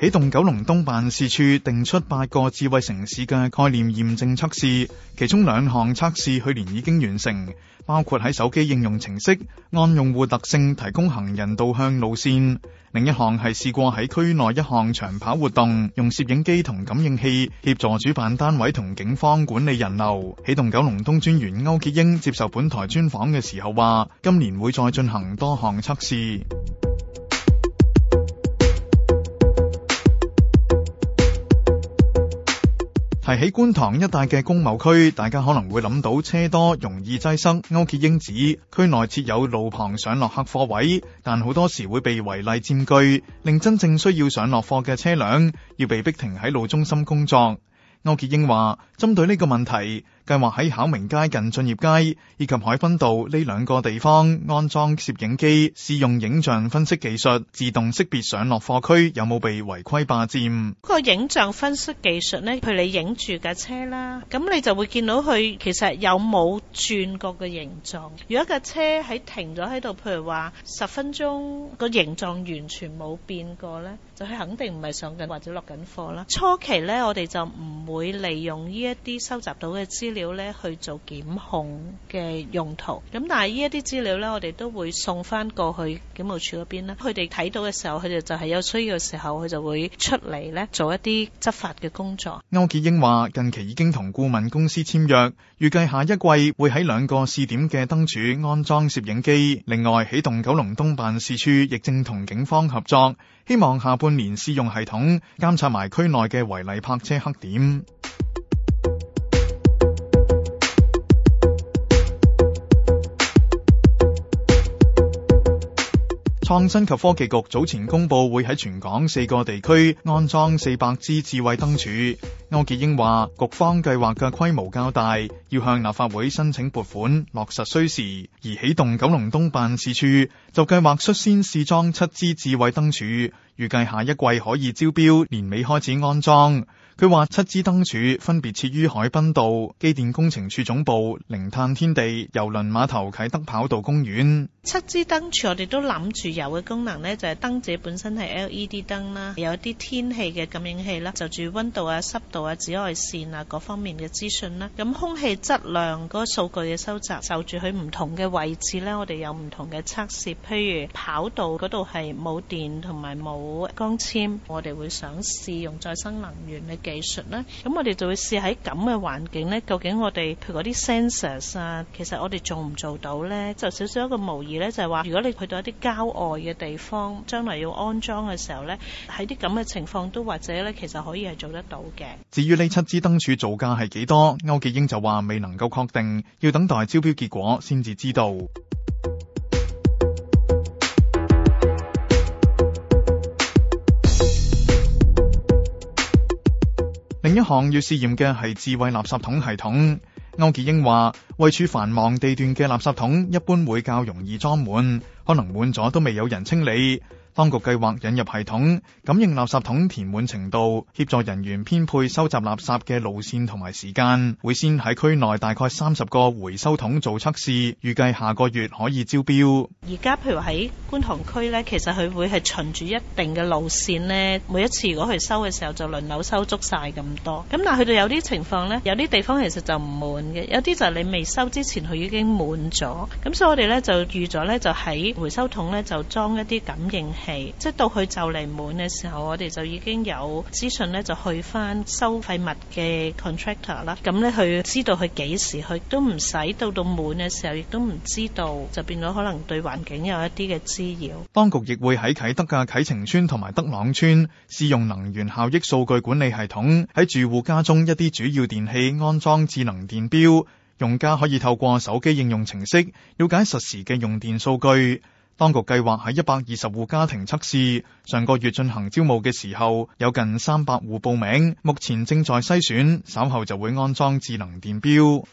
起動九龍東辦事處定出八個智慧城市嘅概念驗證測試，其中兩項測試去年已經完成，包括喺手機應用程式按用戶特性提供行人導向路線，另一項係試過喺區內一項長跑活動，用攝影機同感應器協助主辦單位同警方管理人流。起動九龍東專員區潔英接受本台專訪嘅時候話，今年會再進行多項測試。喺觀塘一帶嘅工貿區，大家可能會諗到車多容易擠塞。區潔英指區內設有路旁上落客貨位，但好多時會被違例佔據，令真正需要上落貨嘅車輛要被逼停喺路中心工作。區潔英話，針對呢個問題，計劃喺考明街近駿業街以及海濱道呢兩個地方安裝攝影機，試用影像分析技術，自動識別上落貨區有冇被違規霸佔。嗰個影像分析技術呢，譬如你影住架車啦，咁你就會見到佢其實有冇轉角嘅形狀。如果架車喺停咗喺度，譬如話十分鐘個形狀完全冇變過呢，就佢肯定唔係上緊或者落緊貨啦。初期呢，我哋就唔。會利用呢一啲收集到嘅資料咧去做檢控嘅用途，咁但係呢一啲資料咧，我哋都會送翻過去警務處嗰邊啦。佢哋睇到嘅時候，佢哋就係有需要嘅時候，佢就會出嚟咧做一啲執法嘅工作。區潔英話：近期已經同顧問公司簽約，預計下一季會喺兩個試點嘅燈柱安裝攝影機，另外起動九龍東辦事處，亦正同警方合作。希望下半年試用系統監察埋區內嘅違例泊車黑點。創新及科技局早前公佈會喺全港四個地區安裝四百支智慧燈柱。區潔英話，局方計劃嘅規模較大，要向立法會申請撥款，落實需時，而起動九龍東辦事處就計劃率先試裝七支智慧燈柱。預計下一季可以招標，年尾開始安裝。佢話七支燈柱分別設於海濱道、機電工程處總部、零碳天地、郵輪碼頭、啟德跑道公園。七支燈柱我哋都諗住有嘅功能呢，就係燈仔本身係 LED 燈啦，有一啲天氣嘅感應器啦，就住温度啊、濕度啊、紫外線啊各方面嘅資訊啦。咁空氣質量嗰個數據嘅收集，就住佢唔同嘅位置呢，我哋有唔同嘅測試，譬如跑道嗰度係冇電同埋冇。光纖，我哋會想試用再生能源嘅技術咧。咁我哋就會試喺咁嘅環境咧，究竟我哋譬如嗰啲 sensors 啊，其實我哋做唔做到咧？就少少一個模擬咧，就係話如果你去到一啲郊外嘅地方，將來要安裝嘅時候咧，喺啲咁嘅情況都或者咧，其實可以係做得到嘅。至於呢七支燈柱造價係幾多，區潔英就話未能夠確定，要等待招標結果先至知道。另一項要試驗嘅係智慧垃圾桶系統。區潔英話，位處繁忙地段嘅垃圾桶一般會較容易裝滿，可能滿咗都未有人清理。當局計劃引入系統，感應垃圾桶填滿程度，協助人員編配收集垃圾嘅路線同埋時間。會先喺區內大概三十個回收桶做測試，預計下個月可以招標。而家譬如喺觀塘區呢，其實佢會係循住一定嘅路線呢，每一次如果佢收嘅時候就輪流收足晒咁多。咁但去到有啲情況呢，有啲地方其實就唔滿嘅，有啲就係你未收之前佢已經滿咗。咁所以我哋咧就預咗咧，就喺回收桶咧就裝一啲感應。係，即到佢就嚟滿嘅時候，我哋就已經有資訊呢，就去翻收廢物嘅 contractor 啦。咁呢，佢知道佢幾時去，都唔使到到滿嘅時候，亦都唔知道，就變咗可能對環境有一啲嘅滋擾。當局亦會喺啟德嘅啟晴邨同埋德朗邨試用能源效益數據管理系統，喺住戶家中一啲主要電器安裝智能電表，用家可以透過手機應用程式了解實時嘅用電數據。當局計劃喺一百二十戶家庭測試，上個月進行招募嘅時候，有近三百戶報名，目前正在篩選，稍後就會安裝智能電錶。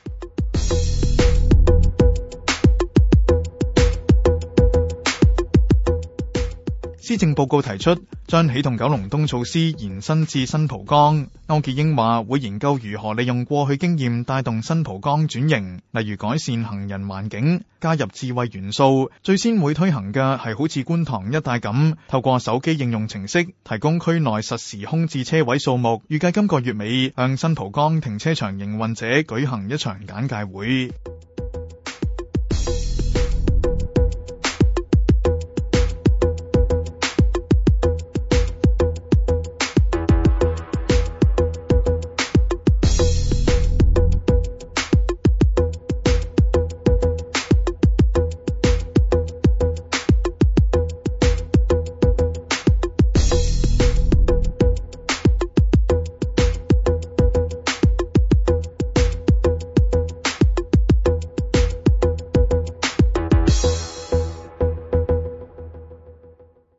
施政報告提出，將起動九龍東措施延伸至新蒲崗。區潔英話會研究如何利用過去經驗帶動新蒲崗轉型，例如改善行人環境、加入智慧元素。最先會推行嘅係好似觀塘一帶咁，透過手機應用程式提供區內實時空置車位數目。預計今個月尾，向新蒲崗停車場營運者舉行一場簡介會。